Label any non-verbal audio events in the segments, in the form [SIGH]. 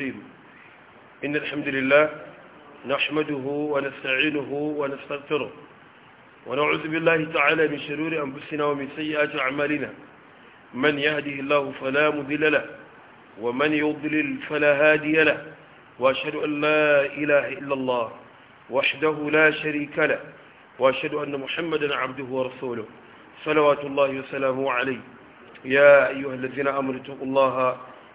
المستقيم إن الحمد لله نحمده ونستعينه ونستغفره ونعوذ بالله تعالى من شرور أنفسنا ومن سيئات أعمالنا من يهده الله فلا مذل له ومن يضلل فلا هادي له وأشهد أن لا إله إلا الله وحده لا شريك له وأشهد أن محمدا عبده ورسوله صلوات الله وسلامه عليه يا أيها الذين آمنوا اتقوا الله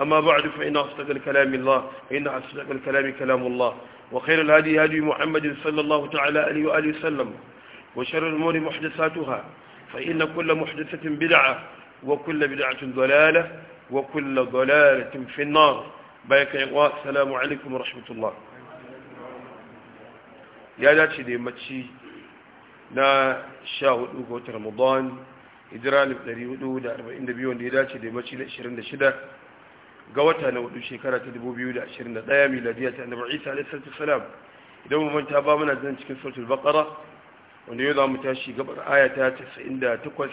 أما بعد فإن أصدق الكلام الله إن أصدق الكلام كلام الله وخير الهدي هدي محمد صلى الله تعالى عليه وآله وسلم وشر الأمور محدثاتها فإن كل محدثة بدعة وكل بدعة ضلالة وكل ضلالة في النار بايك يقوى السلام عليكم ورحمة الله يا داتي دي ماتشي نا شاو دوغوت رمضان إدرال بلري ودو دا أربعين دبيون دي داتي دي ماتشي لأشرين دا ga wata na wadu shekara ta 2021 miladiya ta annabi Isa alaihi salam idan mun manta ba muna zan cikin suratul baqara wanda yau zamu tashi gabar aya ta 98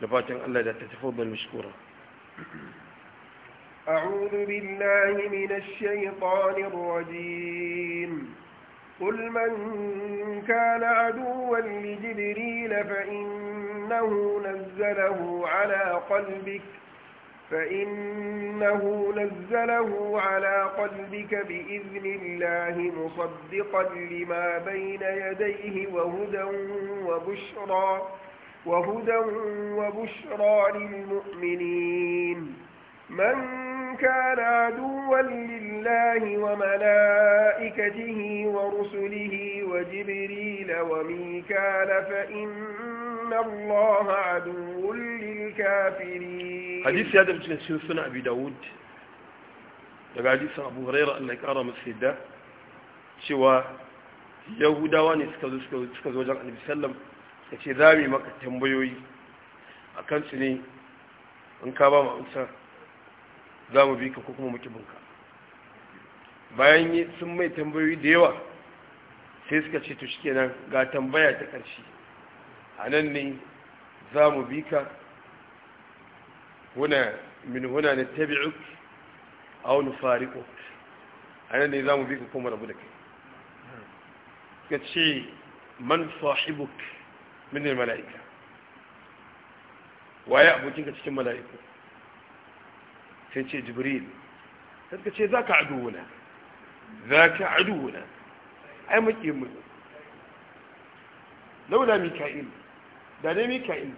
da fatan Allah da ta tafaddal mashkura a'udhu billahi minash shaytanir rajim قل من كان عدوا لجبريل فإنه نزله على قلبك فإنه نزله على قلبك بإذن الله مصدقا لما بين يديه وهدى وبشرى وهدى وبشرى للمؤمنين من كان عدوا لله وملائكته ورسله وجبريل وميكال فإن الله عدو للكافرين hadisi ya damci cikin suna Abu dawud daga hadisin abu huraira allah ya kara masu yadda cewa yahudawa ne suka zo wajen annabi sallam ya ce za mu maka tambayoyi a kan su ne in ka ba mu amsa za mu bi ka ko kuma muke binka bayan sun mai tambayoyi da yawa sai suka ce to nan ga tambaya ta ƙarshe a nan ne za mu bi ka هنا من هنا نتبعك أو نفارقك أنا نظام بك كما ربك كتشي من صاحبك من الملائكة ويا أبو جنك تشي ملائكة كتشي جبريل كتشي ذاك عدونا ذاك عدونا أي مكي لولا ميكائيل دعني ميكائيل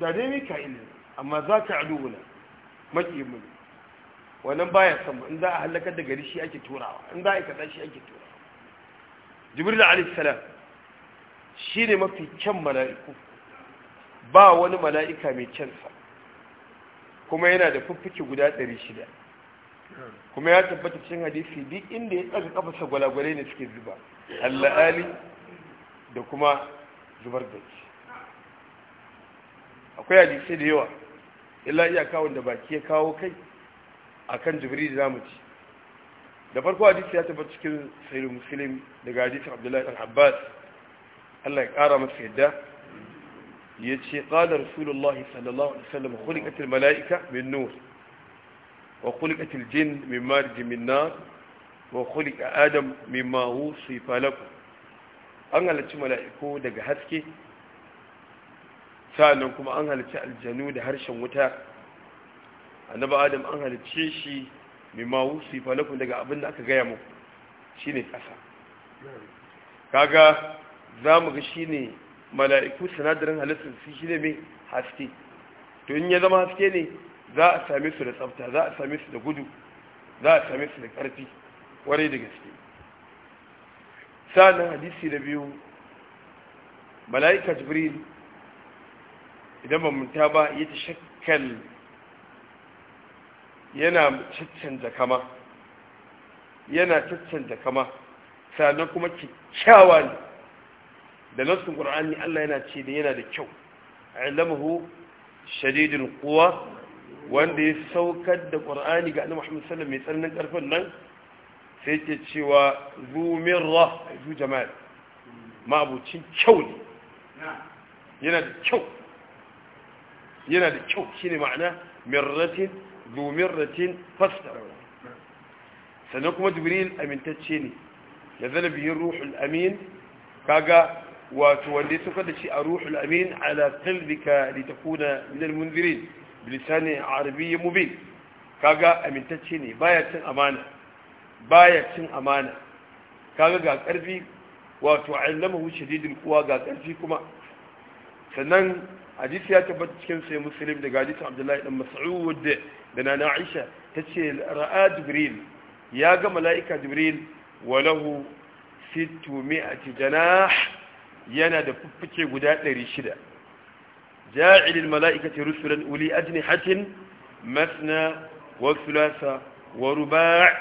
da dai ka ne amma za ka alubuna maƙiyin mu ne wannan baya sama in za a halakar da gari shi ake turawa in za a ikata shi ake turawa jibril alayhi salam shi ne mafi kyan mala'iku ba wani mala'ika mai kyansa kuma yana da fuffuki guda 600 kuma ya tabbata cikin hadisi duk inda ya tsaga kafasa gwalagwale ne suke zuba Allah, Ali, da kuma zubar da shi akwai hadisi da yawa illa iya kawo da baki ya kawo kai akan jibril zamu ci da farko hadisi ya tabbata cikin sahih muslim daga hadisi abdullahi ibn abbas Allah ya kara masa yadda yace qala rasulullahi sallallahu alaihi wasallam khuliqatil malaika min nur wa khuliqatil jinn min marj min nar wa khuliqa adam mimma hu lakum an halarci mala'iku daga haske sa'annan kuma an halicci aljanu da harshen wuta annabi adam an halarci shi mai ma wusi falakun daga abin da aka gaya mu shine kasa kaga mu ga shi ne mala'iku sanadarin halittar su shi ne mai haske to in ya zama haske ne za a same su da tsafta za a same su da gudu za a same su da karfi kwarai da gaske sa'annan hadisi da biyu mala'ika jibril idan ba ta ba ya ta shakkal yana caccanta kama yana kama sannan kuma kyakkyawa da nassun ƙur'ani Allah yana ce da yana da kyau ilmuhu shadidul quwa wanda ya saukar da ƙur'ani ga Annabi Muhammad sallallahu mai tsananin ƙarfin nan sai ke cewa zu a zu jamal ma abucin kyau ne yana da kyau yana da kyau shine ma'ana mirratin zu mirratin fastara sannan kuma jibril amintacce ne ya zana bihin ruhul amin kaga wato wanda suka da shi a ruhul amin ala kalbika da takuna min minal munzirin bilisani arabiyyi mubin kaga amintacce ne baya cin amana baya cin amana kaga ga karfi wato allama wuce didin kuwa ga karfi kuma sannan hadisi ya tabbata cikin sai muslim daga hadisin abdullahi dan mas'ud da na aisha tace ra'a jibril ya ga mala'ika jibril walahu 600 janah yana da fuffuke guda 600 ja'il al mala'ikati rusulan uli ajnihatin masna wa thulatha wa ruba'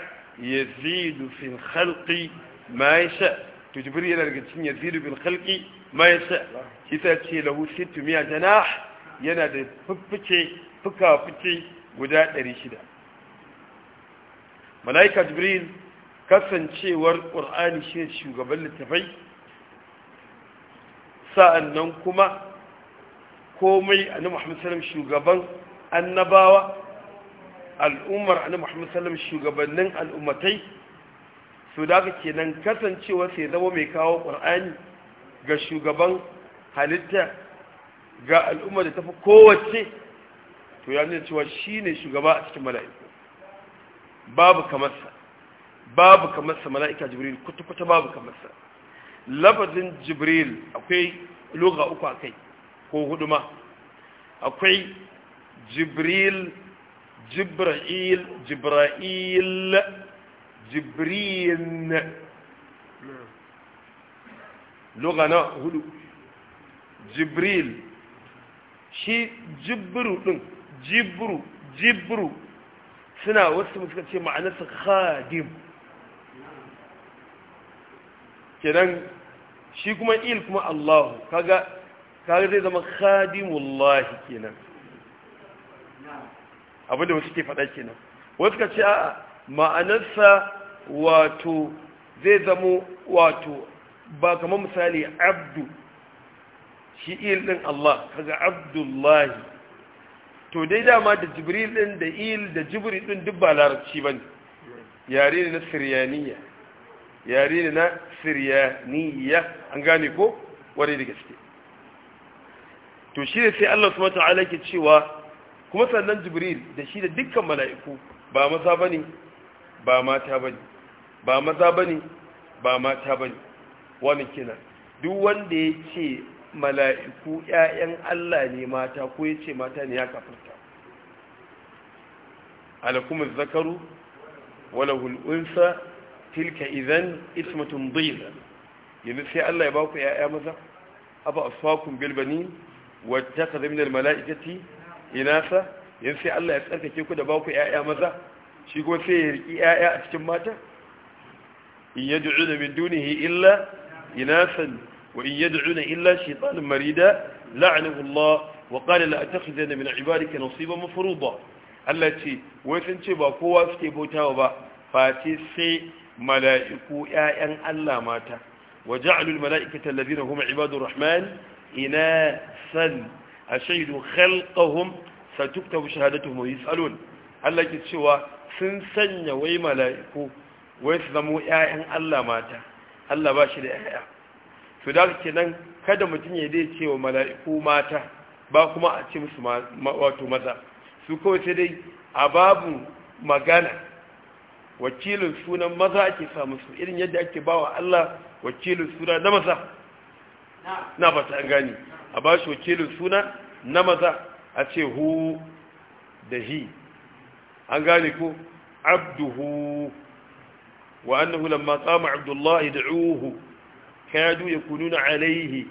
yazidu fil khalqi ma yasha jibril yana daga cikin yazidu bil khalqi ma shi ce lahu sittu miya jana yana da fuffuke fuka-fuke guda 600 malaika jibril kasancewar ƙur'ani shi shugaban littafai sa'annan kuma komai annabi muhammadu salam shugaban annabawa al'ummar annabi muhammadu salam shugabannin al'ummatai su da ke nan kasancewa sai zama mai kawo ƙur'ani. ga shugaban halitta ga al'umma da tafi kowace to ya nuna cewa shi ne shugaba a cikin mala'iku babu kamarsa babu kamarsa mala'ika jibril kutu kuta babu kamarsa lafazin jibril akwai loga uku a kai ko hudu ma akwai jibril jibril jibril jibril lugha na hudu jibril shi jibru din jibru jibru suna wasu suka ce ma'anarsa khadim kenan shi kuma il kuma allahu kaga kaga zai zama khadimullahi kenan abinda wasu ke faɗa kenan wasu ka ce a ma'anarsa wato zai zamo wato ba kamar misali abdu shi il din Allah kaga abdullahi to dai dama da jibril din da il da jibril din duk ba larabci bane yare ne na siryaniya yare ne na siryaniya an gane ko ware da gaske to shi ne sai Allah subhanahu wataala ke cewa kuma sannan jibril da shi da dukkan mala'iku ba maza bane ba mata bane ba maza bane ba mata bane wani kina duk wanda ya ce mala'iku ‘ya'yan Allah ne mata ko ya ce mata ne ya kafarta alakumin zakaru wala hul'unsa tilka idan ismatun zaiza yanzu sai Allah ya ba ku ‘ya'ya maza abu a swakun bilbani wata ka da mala'ikati inasa yanzu sai Allah ya tsarkake ku da ba ku ‘ya'ya maza shi kuma sai ya riƙi ‘ya'ya a cikin mata in yadda min duniya illa إناثا وإن يدعون إلا شيطانا مريدا لعنه الله وقال لا أتخذن من عبادك نصيبا مفروضا Allah ce wai sun ce ba kowa suke bautawa ba face sai mala'iku ‘ya'yan Allah mata wa ja'alul mala'ikata lalzina kuma ibadun rahman ina san a shaidu khalqahum satukta bu shahadatu mu yi tsalon Allah ke cewa sun sanya wai mala'iku wai su zamo ‘ya'yan Allah mata Allah ba shi da yaya to da ke nan kada mutum ya dai cewa mala'iku mata ba kuma a ce musu wato maza su kawai sai dai a babu magana wakilin sunan maza ake samu su irin yadda ake bawa Allah wakilin suna na maza na ba ta gani a ba shi wakilin suna na maza a ce hu da hi an gane ko abduhu وأنه لما قام عبد الله يدعوه كادوا يكونون عليه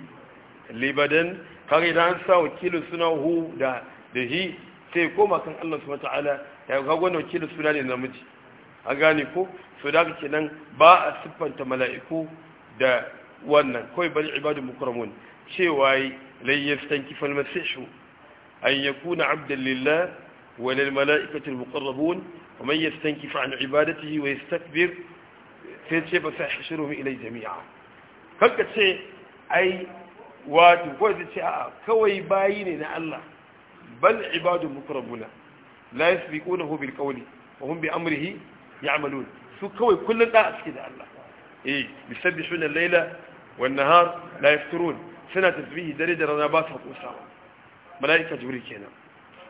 alaihi kare da an sa wakilin suna hu da shi sai koma kan Allah su wata'ala ya ga wani wakilin suna ne namiji a gane ko so da ba a siffanta mala'iku da wannan kawai bari ibadu mukramun cewa lai yastanki fal masihu an yakuna abdan lillah an ibadatihi wa sai ce ba sai shiru mu ilai jami'a kanka ce ai wato ko zai ce a'a kawai bayi ne na Allah bal ibadu mukrabuna la yasbiqunahu bil qawli wa hum bi amrihi ya'malun su kawai kullun da suke da Allah eh yusabbihuna al-laila wan nahar la yafturun suna tasbihi dare da rana ba su kusawa malaika jibril kenan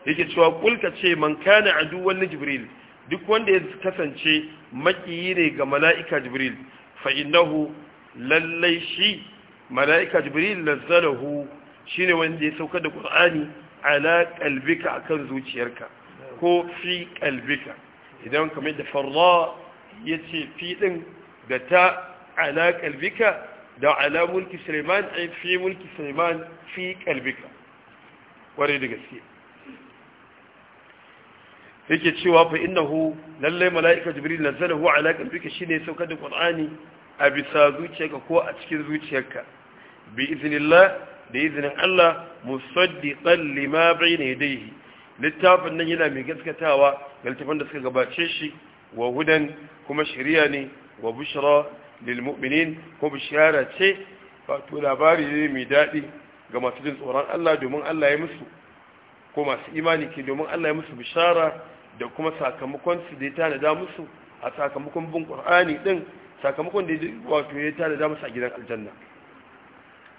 yake cewa kulka ce man kana aduwwan jibril duk wanda ya kasance makiyi ne ga mala'ika jibril fa lallai shi mala'ika jibril shi ne wanda ya sauka da qur'ani ala a akan zuciyarka ko fi ƙalbika idan kamar da ya yace fi ɗin da ta ala ƙalbika da ala mulki sulaiman fi mulki suleiman fi ƙalbika ƙwarai da gaske yake cewa fa innahu lallai mala'ika jibril nazalahu ala qalbika shine saukar da qur'ani a bisa zuciyarka ko a cikin zuciyarka bi iznillah da iznin Allah musaddiqan lima bayna yadayhi littafin nan yana mai gaskatawa ga littafin da suka gabace shi wa hudan kuma shari'a ne wa bushra lil mu'minin ko bishara ce wato labari ne mai dadi ga masu jin tsoron Allah domin Allah ya musu ko masu imani ke domin Allah ya musu bishara da kuma sakamakon su da ya da musu a sakamakon bin ƙwarani din sakamakon da wato ya da musu a gidan aljanna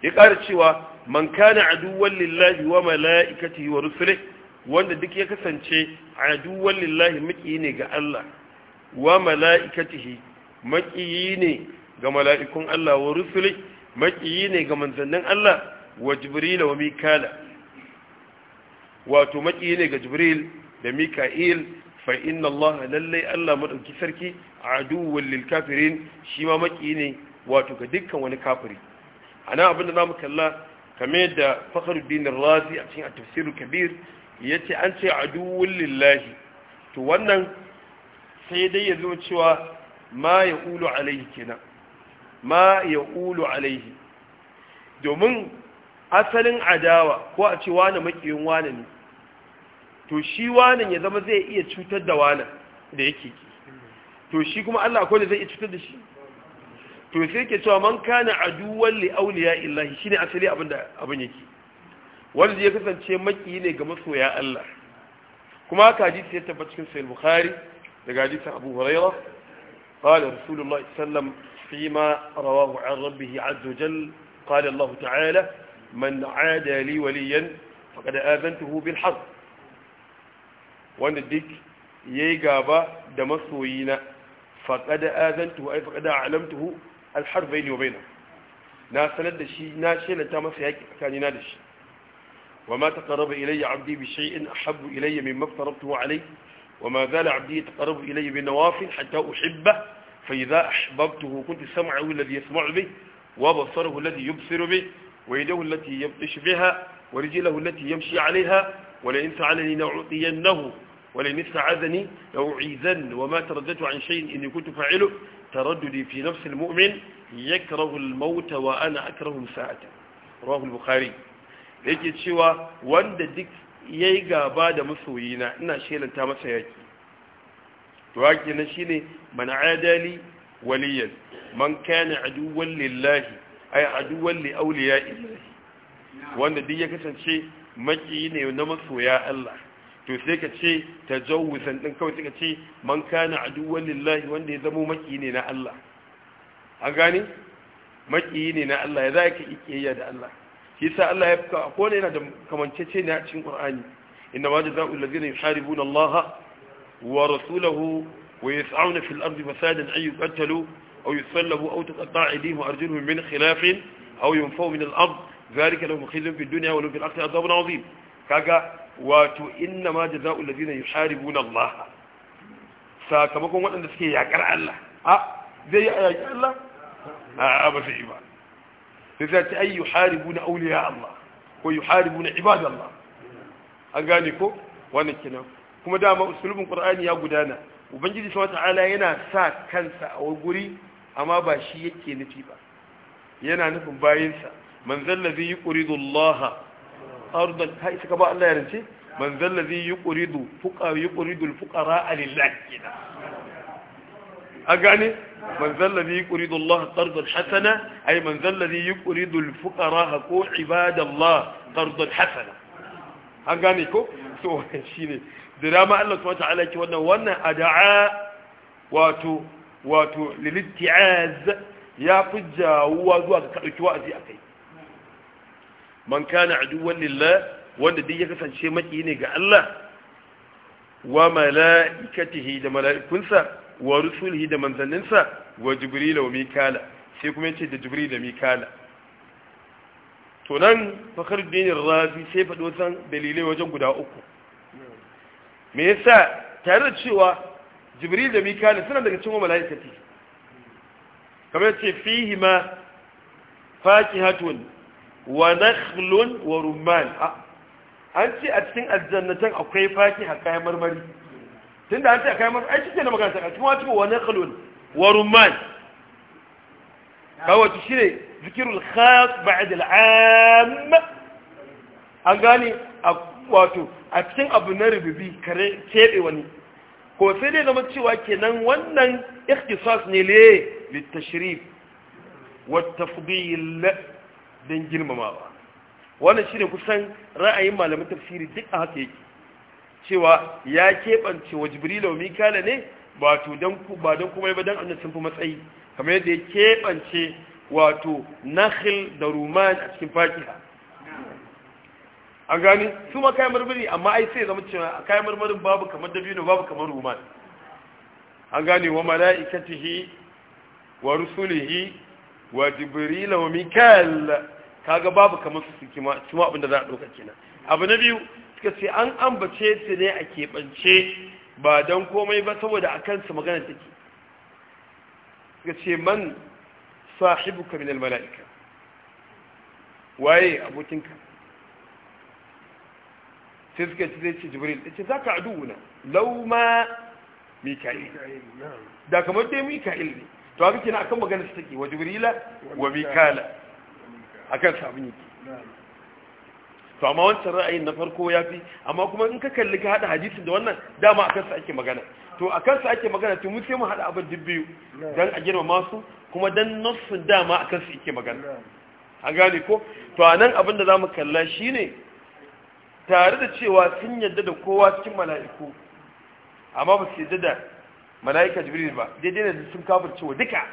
ya ƙara cewa man kana aduwan lillahi wa mala'ikati wa rusulai wanda duk ya kasance aduwan lillahi maki ne ga Allah wa mala'ikatihi maki ne ga mala'ikun Allah wa rusulai maki ne ga manzannin Allah wa jibril wa mikala wato maki ne ga jibril da mika'il fa inna Allah lallai Allah madauki sarki aduwwal lil kafirin shi ma maki ne wato ga dukkan wani kafiri ana abinda mu kalla kame da Fakhruddin Razi a cikin at-tafsir kabir yace an ce aduwwal lillahi to wannan sai dai ya zo cewa ma yaqulu alaihi kenan ma yaqulu alaihi domin asalin adawa ko a ce na makiyin wani ne to shi wanan ya zama zai iya cutar da wanan da yake ki to shi kuma Allah akwai da zai iya cutar da shi to sai yake cewa man kana aduwwan li awliya illahi shine asali abin da abin yake wanda ya kasance maki ne ga masoya Allah kuma haka hadisi ya tabbata cikin sahih bukhari daga hadisin abu hurairah qala rasulullah sallam فيما رواه عن ربه عز وجل قال الله تعالى من عادى لي وليا فقد آذنته بالحرب wanda duk yayi gaba da masoyina faqad azantuhu ay faqad a'lamtuhu alharbayn wa bainahu na sanar da shi na shelanta masa yaki tsakanina da shi وما تقرب إلي عبدي بشيء أحب إلي مما افترضته عليه وما زال عبدي يتقرب إلي بالنوافل حتى أحبه فإذا أحببته كنت سمعه الذي يسمع به وبصره الذي يبصر به ويده التي يبطش بها ورجله التي يمشي عليها ولئن سألني لأعطينه ولم يستعذني لو عيذن وما ترددت عن شيء إني كنت فاعله ترددي في نفس المؤمن يكره الموت وأنا أكره ساعته رواه البخاري yake cewa wanda duk ya yi gaba da masoyina ina shelanta masa yaki to haƙi na shi ne man adali waliyan man kana aduwan lillahi ay aduwan li auliya illahi wanda duk ya kasance ne na masoya Allah to sai ka ce tajawuzan din kawai sai ce man kana aduwwan lillahi wanda ya zamo maki ne na Allah an gane maki ne na Allah ya zaka ikiyya da Allah shi yasa Allah ya ko ne yana da kamancece ne a cikin Qur'ani inna ma jazaa'u allazina yuharibuna Allah wa rasulahu wa yas'una fil ardi fasadan ay yuqtalu aw yusallabu aw tuqta'a aydihim wa arjuluhum min khilafin aw yunfaw min al-ard ذلك لهم خزي في الدنيا ولهم في الآخرة عذاب عظيم kaga wato inna ma jazaa'ul ladina yuharibuna Allah sakamakon waɗanda suke yakar Allah a zai yi yakar Allah a ba sai ba sai ta ce ay yuharibuna awliya Allah ko yuharibuna ibadallah an gane ko wannan kenan kuma dama usulubin qur'ani ya gudana ubangiji subhanahu ta'ala yana sa kansa a guri amma ba shi yake nufi ba yana nufin bayinsa man zallazi yuqridu Allah أرضاً هاي سكبا الله يرنسي من ذا الذي يقرد فقر يقرد الفقراء لله أقاني من ذا الذي يقرد الله قرض حسنة أي من ذا الذي يقرد الفقراء هكو عباد الله قرض حسنة أقاني كو سوى الشيني دراما الله سبحانه وتعالى وانا وانا أدعاء واتو واتو للاتعاز يا فجا وواتو كأتوازي أكيد man kana aduwan lillah wanda duk ya kasance maki ne ga Allah wa mala'ikatihi da mala'ikunsa wa rusulihi da manzanninsa wa jibril wa mikala sai kuma yace da jibril da mikala to nan fakhruddin razi sai fado san dalilai wajen guda uku me yasa tare da cewa jibril da mikala suna daga cikin mala'ikati kamar yace fihi ma fakihatun wa nakhlun wa rumman an ce a cikin aljannatan akwai faki a kayan marmari tunda an ce a kayan marmari ai shi na magana a cikin wata wa nakhlun wa rumman kawai shi ne zikirul khas ba'd al'am an gane wato a cikin abu na rububi kare kebe wani ko sai dai zama cewa kenan wannan ikhtisas ne le litashrif wa tafdil don ba wannan shi ne kusan ra'ayin malamin tafsiri duk a haka yake cewa ya keɓance wa jibrila wa mikala ne wato ba don kuma ba don annan sun fi matsayi kamar yadda ya keɓance wato nakhil da ruman a cikin fakiha an gani su ma kayan marmari amma ai sai zama cewa kayan marmarin babu kamar dabino babu kamar ruman an gane wa mala'ikatihi wa rusulihi wa jibrila wa mikal kaga babu kamar su kima cima abin da za a ɗauka kenan abu na biyu suka ce an ambace su ne a keɓance ba don komai ba saboda a kansu magana take suka ce man sahibuka min mala'ika waye abokinka sai suka ce zai ce jibril ce za ka aduwuna lauma mika'il da kamar dai mika'il ne to haka na akan magana su take wa jibrila wa mika'ila akan sa abin yake to amma wancan ra'ayin na farko ya fi amma kuma in ka kalli ka hada hadisin da wannan dama a kansa ake magana to a kansa ake magana tun mu sai mu hada abin biyu dan a girmama su kuma dan nassun dama a kansa ake magana an gane ko to a nan abin da za mu kalla shine tare da cewa sun yadda da kowa cikin mala'iku amma ba su yadda da mala'ika jibril ba daidai ne sun wa duka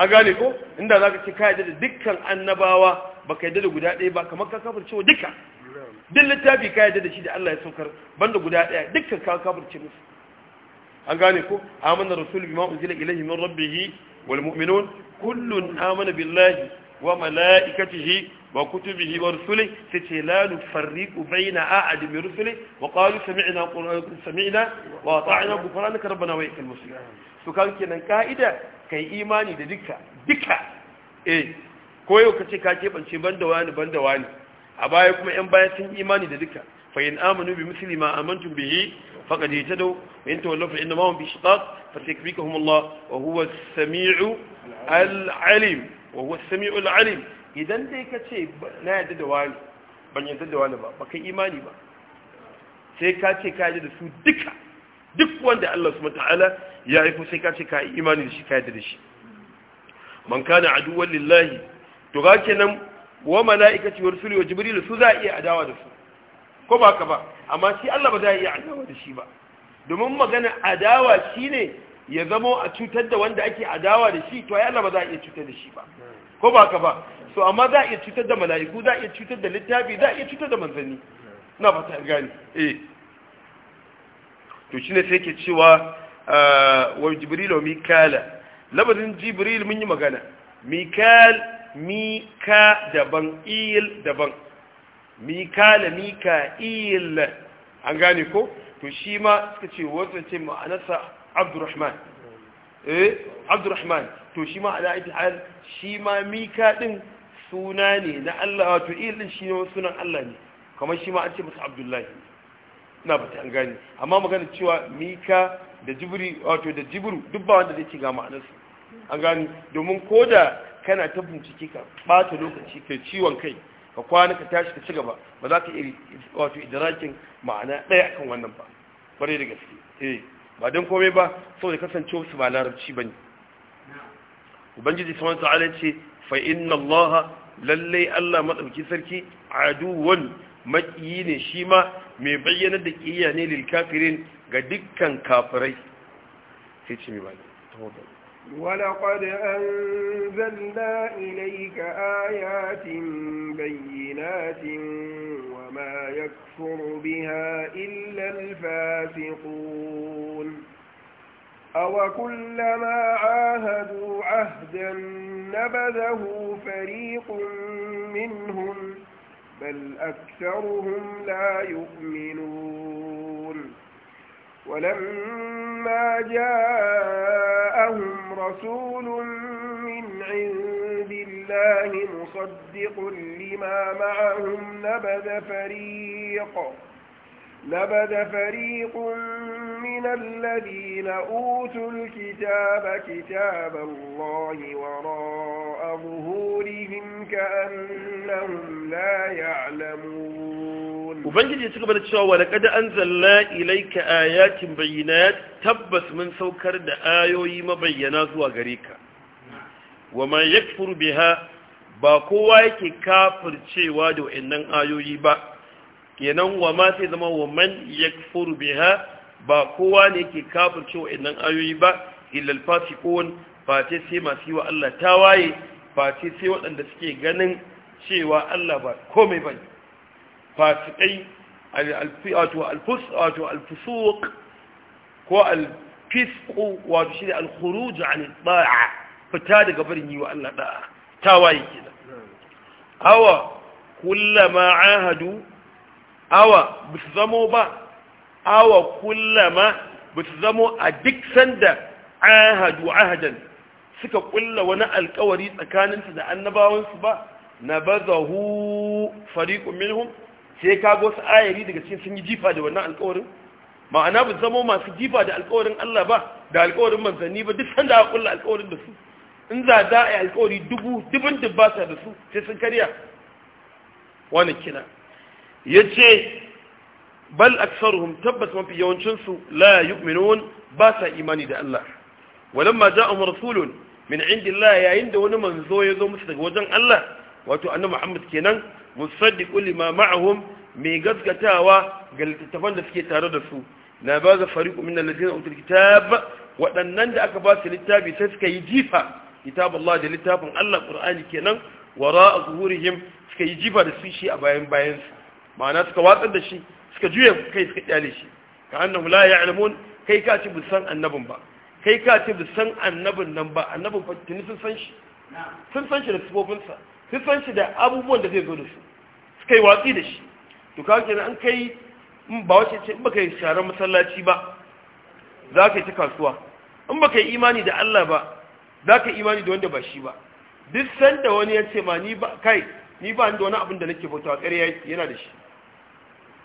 a gane ko inda za ka ce ka yadda da dukkan annabawa ba ka yadda da guda ɗaya ba kamar ka kafirce wa duka duk littafi ka yadda da shi da Allah ya saukar banda guda ɗaya dukkan ka kafirce musu an gane ko amana rasul bima unzila ilayhi min rabbih wal mu'minun kullun amana billahi wa malaikatihi wa kutubihi wa rusulihi tace la nufarriqu baina ahad min rusulihi wa qalu sami'na qur'ana sami'na wa ata'na ghufranaka rabbana wa ilayka al-masir to kan kenan ka'ida kai imani da duka duka eh ko yau kace ka kebance banda wani banda wani a baya kuma yan baya sun imani da duka fa in amanu bi misli ma amantum bihi faqad ihtadaw wa in tawallaw inna ma hum bi shiqaq fa sayakfikuhum Allah wa huwa as-sami'u al-alim wa huwa as-sami'u al-alim idan dai kace na yadda da wani ban yadda da wani ba baka imani ba sai ka ce ka yadda da su duka duk wanda Allah subhanahu ta'ala ya yi sai kace ka yi imani da shi ka yarda da shi man kana aduwwan lillahi to ga kenan wa malaikati wa rusuli wa jibril su za iya adawa da su ko ba ka ba amma shi Allah ba za iya adawa da shi ba domin magana adawa shine ya zamo a cutar da wanda ake adawa da shi to ai Allah ba za a iya cutar da shi ba ko ba ka ba so amma za a iya cutar da mala'iku za a iya cutar da littafi za a iya cutar da manzanni na fata gani eh to shine sai ke cewa ah, wa jibril wa mikala labarin jibril mun yi magana mikal mika daban il daban mikala il an gane ko to shi ma suka ce wata ce ma'anarsa abdurrahman eh abdurrahman to shi ma ala aiki hal shi ma mika din suna ne na Allah wato il din shi ne sunan Allah ne kamar shi ma an ce masa abdullahi ina ba ta an gani amma magana cewa mika da Jibri wato da Jibru duk ba wanda zai ce ga ma'anarsu an gani domin ko da kana ta bincike ka bata lokaci kai ciwon kai ka kwana ka tashi ka ci gaba ba za ka iri wato idrakin ma'ana ɗaya akan wannan ba da gaske eh ba dan komai ba saboda kasance su ba larabci bane ubangiji subhanahu ta ta'ala ce fa inna allaha lallai allah madauki sarki aduwan maƙi ne shi ma mai bayyana da ƙiyya ne lil ga dukkan kafirai sai ce mai bayyana ta hudu wala kwada an zalla ilai ga ayatin bayyinatin wa ma ya kuro bi ha illan fasikun a wa hadu a hadan na ba za min hun بل أكثرهم لا يؤمنون ولما جاءهم رسول من عند الله مصدق لما معهم نبذ فريق نبذ فريق من الذين أوتوا الكتاب كتاب الله وراءه A buhori ya lamu. Ubangiji suka bani cewa wa da ƙadda an zalla ilaika ya timbaya ya tabbas mun saukar da ayoyi mabayyana zuwa gare ka. Wa ma yak biha, ba kowa yake kafur cewa da waɗannan ayoyi ba. kenan wa ma sai zama wa ma yak biha, ba kowa ne yake kafur cewa da waɗannan ayoyi ba. Hillel Fassie face sai masu yi wa Allah tawaye face sai waɗanda suke ganin cewa Allah ba komai ba fasikai wato alfusuk ko alfisku wato shi da alkhuruju an ɗa'a fita daga barin yi wa Allah ɗa'a tawaye da awa kullama ahadu awa ba su zamo ba awa kullama ba su zamo a duk sanda ahadu ahadan suka kulla wani alkawari tsakaninsu da annabawansu ba na bazahu fariqun minhum sai kaga wasu ayari daga cikin sun yi jifa da wannan alkawarin ma'ana ba zamo masu jifa da alkawarin Allah ba da alkawarin manzanni ba duk sanda aka kulla alkawarin da su in za da a alkawari dubu dubin dubbasa da su sai sun karya wani kina yace bal aksaruhum tabbas mafi yawancinsu la yu'minun ba sa imani da Allah walamma ja'ahum rasulun min indillah yayin da wani manzo ya zo musu daga wajen Allah wato annabi Muhammad kenan musaddiqu lima ma'ahum mai gaskatawa ga littattafan da suke tare da su na ba za fariqu min alladhina utul kitab waɗannan da aka ba su littafi sai suka yi jifa kitab Allah da littafin Allah Qur'ani kenan wara zuhurihim suka yi jifa da su shi a bayan bayan su ma'ana suka watsar da shi suka juya kai suka kyale shi ka annahu la ya'lamun kai ka ci busan annabin ba kai ka ce da san annabin nan ba annabin tuni sun san shi sun san shi da sifofinsa sun san shi da abubuwan da zai zo da su suka yi watsi da shi to ka ce an kai in ba wace ce in baka yi sharar masallaci ba za ka yi ta kasuwa in baka yi imani da Allah ba za ka yi imani da wanda ba shi ba duk sanda wani ya ce ma ni ba kai ni ba da wani abin da nake bautawa ƙarya yana da shi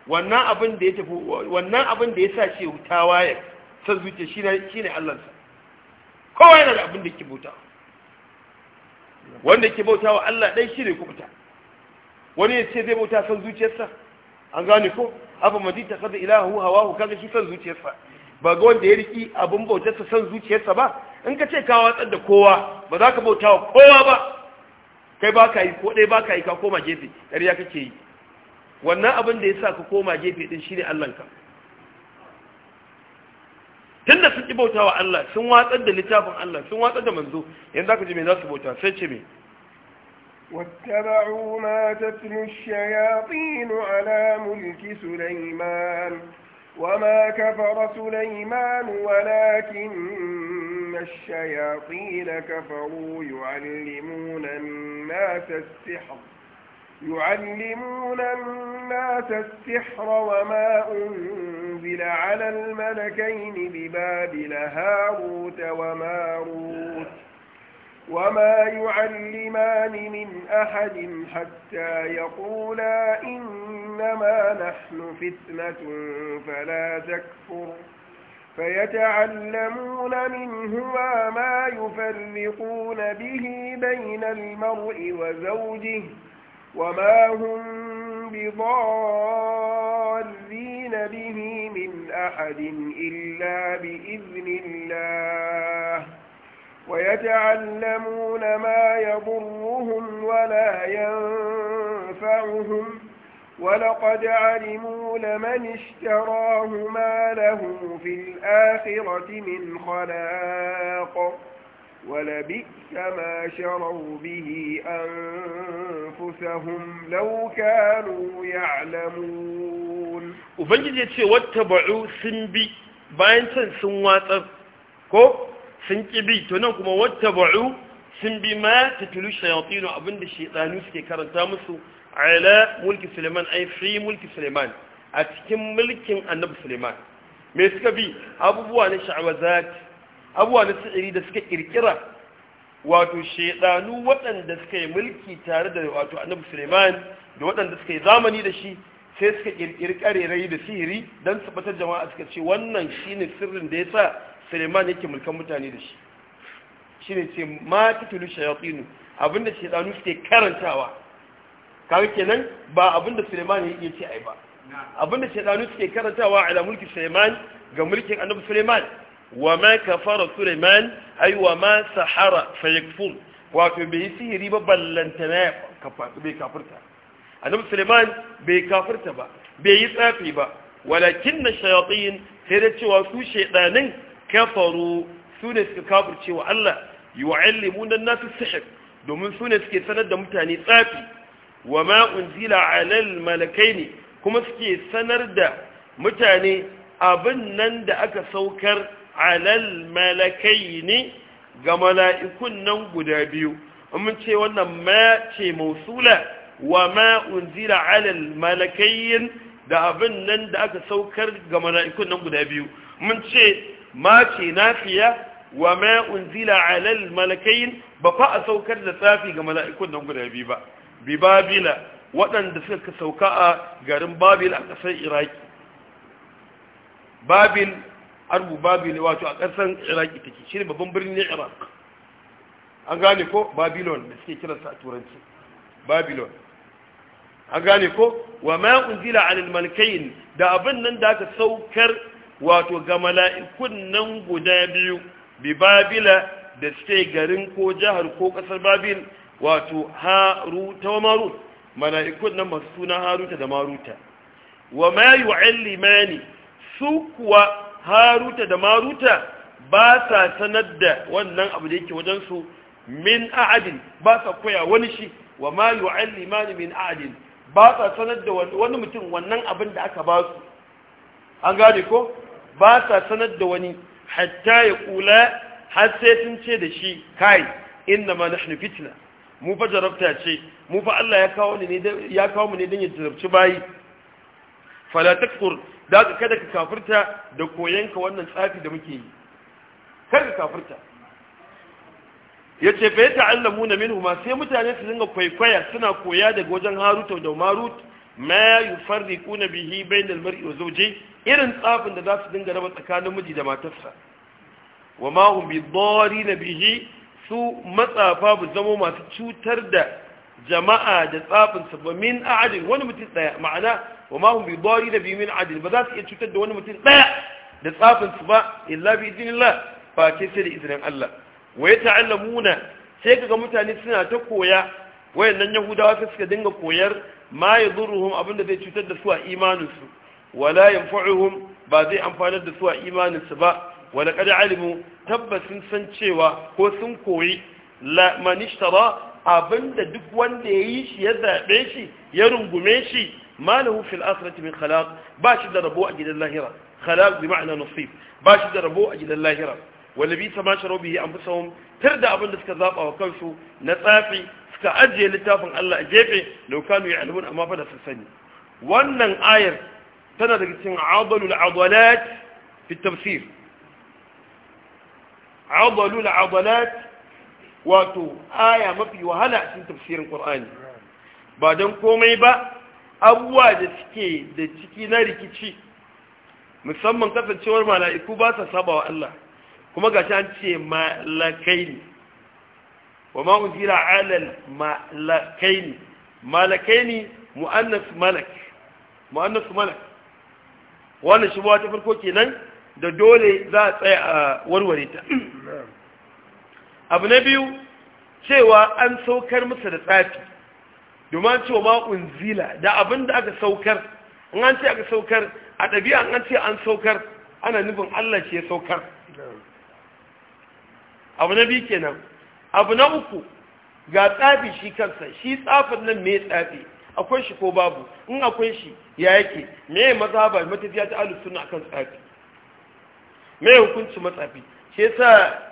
wannan abin da ya tafi wannan abin da ya sa ce tawaye san zuciya shi ne allansa kowa yana da abin da ke bauta wanda ke bauta wa allah ɗai shi ne kubuta wani ya ce zai bauta san zuciyarsa an gane ko abu madita kada ilahu hawahu kaga shi san zuciyarsa ba ga wanda ya riki abin bautarsa san zuciyarsa ba in ka ce ka watsar da kowa ba za ka bauta wa kowa ba kai ba ka yi ko ɗaya ba ka yi ka koma gefe ƙarya kake yi wannan abin da ya sa ka koma gefe ɗin shi ne allahnka sun ki bauta wa Allah sun watsar da littafin Allah sun watsar da manzo yanzu aka ji me za su bauta sai ce me واتبعوا ما تتلو الشياطين على ملك سليمان وما كفر سليمان ولكن الشياطين كفروا يعلمون الناس السحر يعلمون الناس السحر وما أنزل على الملكين ببابل هاروت وماروت وما يعلمان من أحد حتى يقولا إنما نحن فتنة فلا تكفر فيتعلمون منهما ما يفرقون به بين المرء وزوجه وما هم بضارين به من أحد إلا بإذن الله ويتعلمون ما يضرهم ولا ينفعهم ولقد علموا لمن اشتراه ما له في الآخرة من خلاق ولبئس ما شروا به أنفسهم لو كانوا يعلمون وبنجد يتشي واتبعوا سنبي باينسان سنواتر ko sun kibi to nan kuma wattaba'u sun bi ma tatlu shayatin abinda shaytanu suke karanta musu ala mulki suleiman ay fi mulki suleiman a cikin mulkin annabi suleiman me suka bi abubuwa na sha'awazat abuwa na sihiri da suka kirkira wato shaidanu waɗanda suka yi mulki tare da wato annabi suleiman da waɗanda suka yi zamani da shi sai suka kirkiri karerai da sihiri don su batar jama'a suka ce wannan shine sirrin da ya sa suleiman yake mulkan mutane da shi shine ce ma titulu shayatinu abinda shaidanu suke karantawa kawai kenan ba abinda suleiman ya iya ce ai ba abinda shaidanu suke karantawa ala mulki suleiman ga mulkin annabi suleiman wa ma kafara Suleiman aiwa ma sahara fayakfur wato bai yi sihiri ba ballantana ya bai kafirta annabi Suleiman bai kafirta ba bai yi tsafi ba walakin na shayatin sai da cewa su shaidanin kafaru su ne suka kafirce wa Allah yu'allimu nan nasu sihir domin su ne suke sanar da mutane tsafi wa ma unzila alal ne kuma suke sanar da mutane abin nan da aka saukar alal malakaini ga mala'ikun nan guda biyu mun ce wannan ma ce mausula wa ma unzila alal malakayin da abin nan da aka saukar ga mala'ikun nan guda biyu mun ce ma ce nafiya wa ma unzila alal malakayin ba fa a saukar da tsafi ga mala'ikun nan guda biyu ba bi babila waɗanda suka sauka a garin babil a ƙasar iraki babil arbu babilon wato a ƙasan iraki take shi ne babban birnin iraq an gane ko babilon da suke kiransa a turanci babilon an gane ko wa ma unzila alil malkain da abin nan da aka saukar wato ga mala'ikun nan guda biyu bi babila da suke garin ko jihar ko kasar babil wato haruta wa marut mala'ikun nan masu suna haruta da maruta wa ma yu'allimani su kuwa haruta da maruta ba sa sanar da wannan abu da yake wajensu min a'adin ba sa koya wani shi wa ma yu'allimani min a'adin ba sa sanar da wani mutum wannan abin da aka ba su an gane ko ba sa sanar da wani hatta ya kula har sai sun ce da shi kai inna ma nahnu fitna mu fa jarabta ce mu fa Allah ya kawo ni ne ya kawo mu ne dan ya jarabci bayi fala takfur da ka kada ka kafirta da koyanka wannan tsafi da muke yi kar ka kafirta ya ce fa ya ta'allamu na minhu ma sai mutane su dinga kwaikwaya suna koya daga wajen haruta da marut ma yufarriquna bihi bainal mar'i wa zawji irin tsafin da za su dinga raba tsakanin miji da matarsa wa ma hum bidarin bihi su matsafa bu zamo masu cutar da jama'a da tsafinsa ba min adin wani mutum ɗaya ma'ana wa ma bi dori da bi min adin ba za su iya cutar da wani mutum ɗaya da tsafinsa ba illa bi idinillah ba ce sai da izinin Allah wa ya ta'allamuna sai kaga mutane suna ta koya wayannan yahudawa sai suka dinga koyar ma yadurruhum abinda zai cutar da su a imaninsu wala yanfa'uhum ba zai amfanar da su a imaninsu ba wala qad alimu tabbasin san cewa ko sun koyi la abinda duk wanda ya yi shi ya zaɓe shi ya rungume shi ma lahu fil akhirati min khalaq ba shi da rabo a gidan lahira khalaq bi ma'ana nasib ba shi da rabo a gidan lahira wala bi sama sharo bihi anfusahum tarda abin da suka zaba wa kansu na tsafi suka ajiye littafin Allah a gefe law kanu ya'lamun amma fa da su sani wannan ayar tana daga cikin adalul adalat fi tafsir adalul adalat wato aya mafi wahala cikin tafsirin Qur'ani ba don komai ba abuwa da suke da ciki na rikici musamman kasancewar mala'iku ba sa saba wa Allah kuma gashi an ce malakai wa ma unzila alal malakai malakaini mu'annas malak mu'annas malak wannan shi ba ta farko kenan da dole za a tsaya a warware ta abu na biyu cewa an saukar musu da tsafi domin cewa ma unzila da abin da aka saukar in an ce aka saukar a ɗabi'a an ce an saukar ana nufin Allah ce saukar abu na biyu kenan abu na uku ga tsafi shi kansa shi tsafin nan mai tsafi akwai shi ko babu in akwai shi ya yake me mazhaba matafiya ta ahlus akan tsafi me hukunci matsafi Ke sa.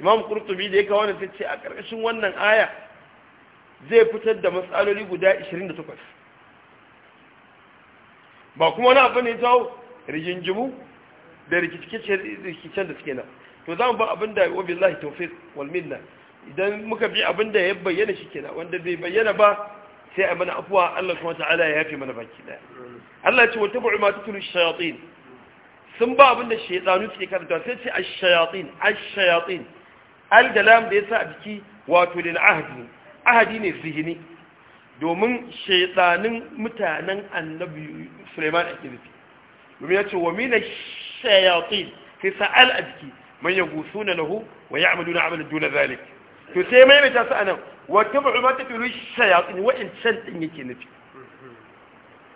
imam kurtubi da ya kawo wannan sai ce a ƙarƙashin wannan aya zai fitar da matsaloli guda 28 ba kuma wani abu ne ta rigingimu da rikicen da suke nan to za mu ba abin da wa billahi tawfiq wal minna idan muka bi abin da ya bayyana shi kenan wanda bai bayyana ba sai a mana afuwa Allah kuma ta'ala ya yafi mana baki daya Allah ce wa tabu'u ma tutulu shayatin sun ba abin da shaytanu suke karanta sai ce ash-shayatin ash-shayatin aljalam da ya sa yasa a jiki wato lil ahdi ahadi ne zihini domin shaytanin mutanen annabi Sulaiman ake nufi domin yace wa mina ash-shayatin sai sa al a jiki man yaghusuna lahu wa ya'maluna amalan duna zalik to sai mai mai tasu anan wa tabu'u ma tafiru shayatin wa in san din yake nufi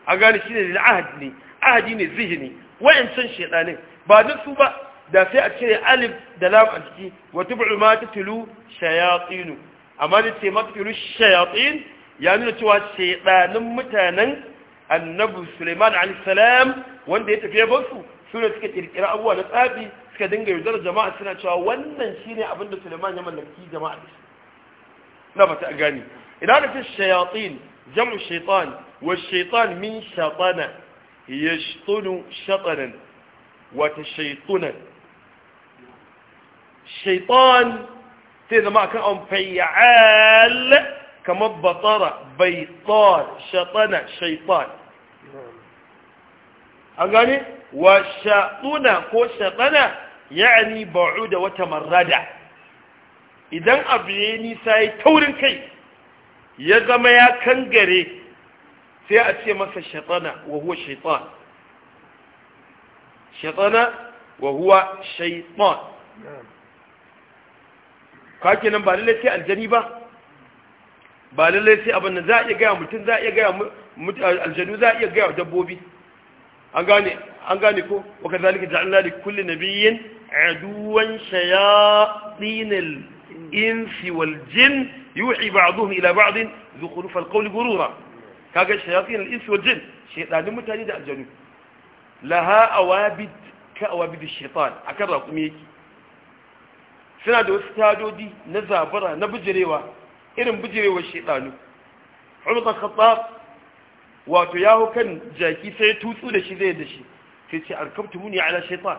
a gane shine lil ahdi ne ahadi ne zihini wa in san shaytanin ba da su ba da sai a cire alif da lam a ciki wa tub'u ma tatlu shayatin amma da ce ma tatlu shayatin ya nuna cewa shaydanin mutanen annabi Sulaiman alayhi salam wanda ya tafi ba su sune suka kirkira abuwa na tsafi suka dinga yudar jama'a suna cewa wannan shine abin da Sulaiman ya mallaki jama'a da shi na ba ta gani idan da fi shayatin jam'u shaytan wa shaytan min shatana yashtunu shatanan wata shaytunan الشيطان تيذا معك أم فيعال كمبطرة بيطار شطنة شيطان أقاني وشاطنة هو شطنة يعني بعودة وتمرد إذا أبيني ساي تورن كي يغم يا كنغري سيأتي مسا الشيطان وهو شيطان شطنة وهو شيطان نعم. ka kenan ba lallai sai aljani ba ba lallai sai abin da za a iya gaya mutum za a iya gaya aljanu za a iya gaya dabbobi an gane an gane ko wa kazalika ja'alna li kulli nabiyyin aduwan shayatinil insi wal jin yuhi ba'dhum ila ba'd zukhrufa al qawli gurura kaga shayatinil insi wal jin shaytanin mutane da aljanu laha awabid ka awabid ash-shaytan akan raqumi yake suna da wasu tadodi na zabara na bijirewa irin bijirewar shaidanu umar khattab wato ya kan jaki sai tutsu da shi zai da shi sai ce arkabtu muni ala shaitan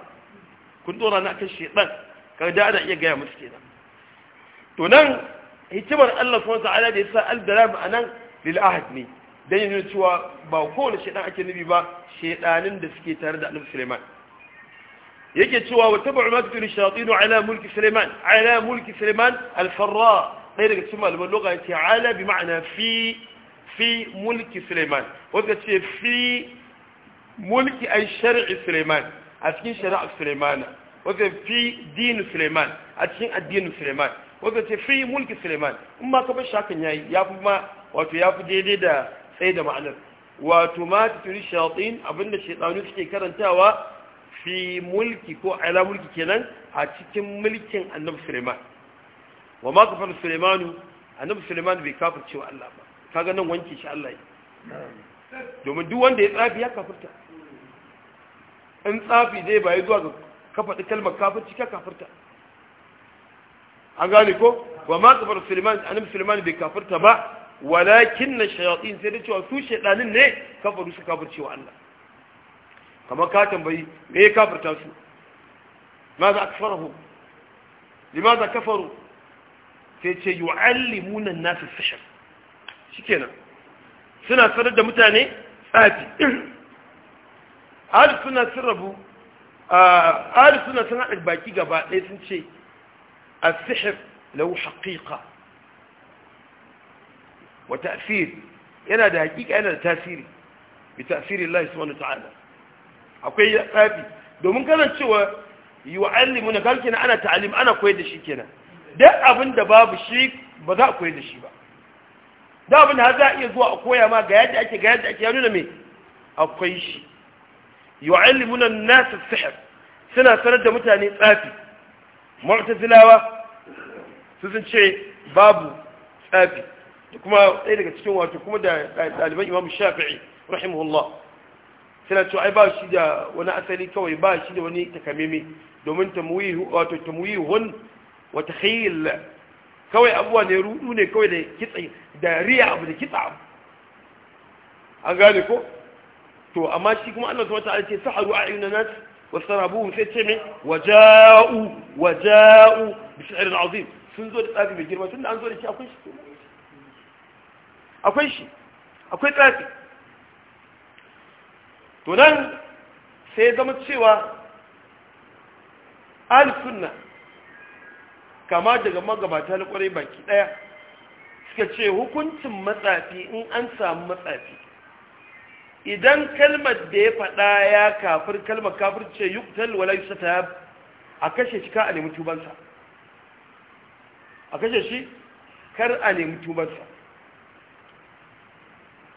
kun dora na kan shaitan da ana iya gaya musu kenan to nan hikimar Allah subhanahu ta'ala da yasa al-dalam anan lil ahad ne dan yin cewa ba kowane shaitan ake nubi ba shaitanin da suke tare da Annabi Sulaiman yake cewa wa tabu matbin shayatin ala mulki sulaiman ala mulki sulaiman al ɗaya daga cikin malaman lugha ce ala bi ma'ana fi fi mulki sulaiman wadda ce fi mulki ay shar'i sulaiman a cikin shari'a sulaimana wanda fi din sulaiman a cikin addinin sulaiman wadda ce fi mulki sulaiman in ma ka bar shakan yayi yafi ma wato yafi daidai da sai da ma'anar wato ma tafi shayatin abinda shaytanu suke karantawa fi mulki ko ala mulki kenan a cikin mulkin annabi Suleiman wa ma kafar Suleimanu annabi Suleiman bai kafar cewa Allah ba kaga nan wanke shi Allah domin duk wanda ya tsafi ya kafirta in tsafi zai bayi zuwa ga kafa da kalmar kafirci ka kafirta an gane ko wa ma kafar Suleiman annabi Suleiman bai kafirta ba walakin na shayatin sai da cewa su shaidanin ne kafaru su kafar cewa Allah kamar ka tambayi me ya kafirta su maza akfarahu limaza kafaru sai ce yu'allimuna nasu sihir shikenan suna sanar da mutane tsafi [CLEARS THROAT] ahli suna sun rabu ahli suna sun haɗa baki gaba ɗaya sun ce a sihir lau haƙiƙa wa ta'asir yana da haƙiƙa yana da tasiri bi ta'asirin Allah subhanahu ta'ala akwai tsafi domin kanan cewa alimu na karki na ana ta'alim ana koyar da shi kenan duk abin da babu shi ba za a koyar da shi ba da abin da za a iya zuwa a koya ma ga yadda ake ga yadda ake ya nuna mai akwai shi alimu na nasu sihir suna sanar da mutane tsafi zilawa su sun ce babu tsafi da kuma ɗaya daga cikin wato kuma da ɗaliban imam shafi'i rahimahullah tana cewa ai ba shi da wani asali kawai ba shi da wani takamimi domin tamwihun wa takhayyul kawai abuwa ne rudu ne kawai da kitsa da riya abu da kitsa abu an gane ko to amma shi kuma Allah ta wata ce saharu ayyuna nas wasarabuhum sai ce me waja'u waja'u bi shi'rin azim sun zo da tsafi mai girma tunda an zo da shi akwai shi akwai shi akwai tsafi to nan sai ya zama cewa al-sunna kama daga magabata na kwarai baki ɗaya suka ce hukuncin matsafi in an samu matsafi idan kalmar da ya faɗa ya kafir kalmar kafir ce yuktal wala yusatab a kashe shi ka a nemi tubansa a kashe shi kar a nemi tubansa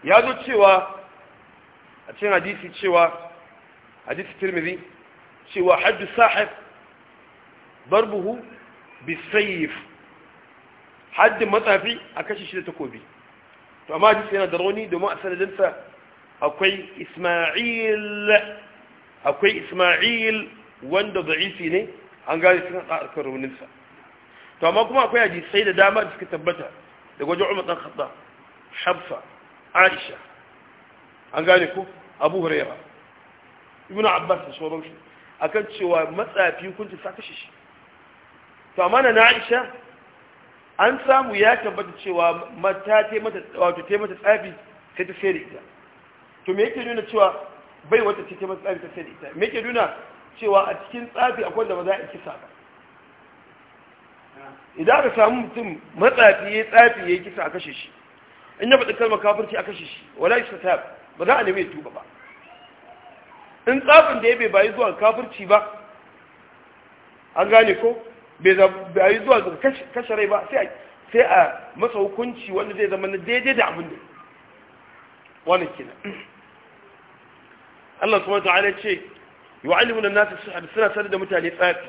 ya zo cewa a cikin hadisi cewa hadisi tirmidhi cewa haddu sahib darbuhu sayf haddin matsafi a kashi shi da takobi to amma hadisi yana da rauni domin a sanadinsa akwai isma'il akwai isma'il wanda da'ifi ne an gane suna raunin sa to amma kuma akwai hadisai da dama da suka tabbata daga wajen umar dan khatta habsa aisha an gane ku abu huraira ibnu abbas da sauran su akan cewa matsafi hukunci sa kashe shi to amma na aisha an samu ya tabbata cewa mata ta mata wato ta mata tsabi sai ta fere ita to me yake nuna cewa bai wata ce ta mata tsabi ta fere ita me yake nuna cewa a cikin tsafi akwai da ba za a kisa ba idan aka samu mutum matsafi ya tsafi ya kisa a kashe shi in ya faɗi kalmar kafirci a kashe shi wala yusatab ba za a nemi ya tuba ba in tsafin da ya bai bayi zuwa kafirci ba an gane ko bai bayi zuwa ga kashe rai ba sai a masa hukunci wanda zai zama na daidai da abin da wani kina Allah kuma wa ta'ala ce yu'allimuna an-nasa sihr suna sanar da mutane tsafi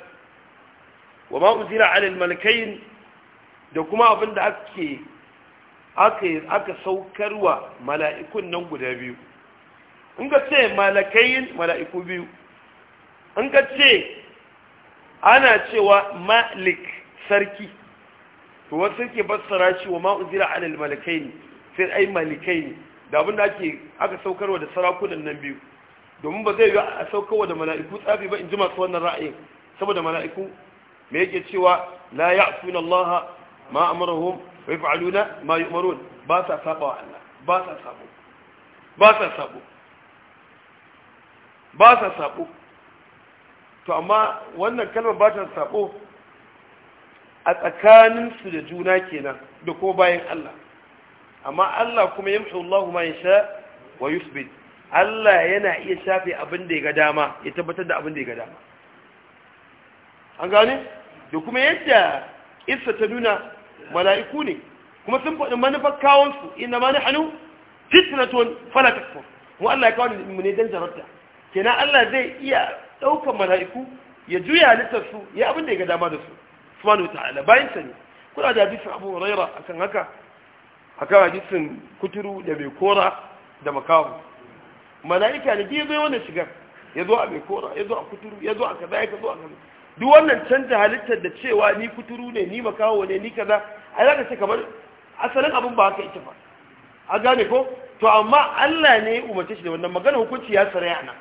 wa ma alil malakai da kuma abin da ake aka saukarwa mala'ikun nan guda biyu in ka ce malakayin mala'iku biyu in ka ce ana cewa malik sarki to wasu ke fassara shi wa ma'uzira alal malakai ne sai ai malikai ne da abin da ake aka saukarwa da sarakunan nan biyu domin ba zai yi a saukarwa da mala'iku tsafi ba in ji masu wannan ra'ayin saboda mala'iku me yake cewa la ya'suna Allah ma wai fa'aluna ma yu'marun ba sa saba wa Allah ba sa sabo ba sa sabo ba sa sabo to amma wannan kalmar ba ta sabo a tsakanin su da juna kenan da ko bayan Allah amma Allah kuma yamhu Allahu ma yasha wa yusbit Allah yana iya shafe abin da ya ga dama ya tabbatar da abin da ya ga dama an gane da kuma yadda isa ta nuna mala'iku ne kuma sun faɗi manufar kawonsu inna ma nahnu fitnatun fala takfur mu Allah ya kawo mu ne don jarabta kenan Allah zai iya ɗaukar mala'iku ya juya halittar su ya abin da ya ga dama da su subhanahu ta'ala bayan sani kuna da hadisin Abu a akan haka a kan hadisin kuturu da bai kora da makawo mala'ika ne biyu zai wannan shigar ya zo a mai kora ya zo a kuturu ya zo a kaza ya zo a kaza duk wannan canza halittar da cewa ni kuturu ne ni makawo ne ni kaza a zaka ce kamar asalin abin ba haka ita ba a gane ko to amma Allah ne ya umarce shi da wannan magana hukunci ya sarai a nan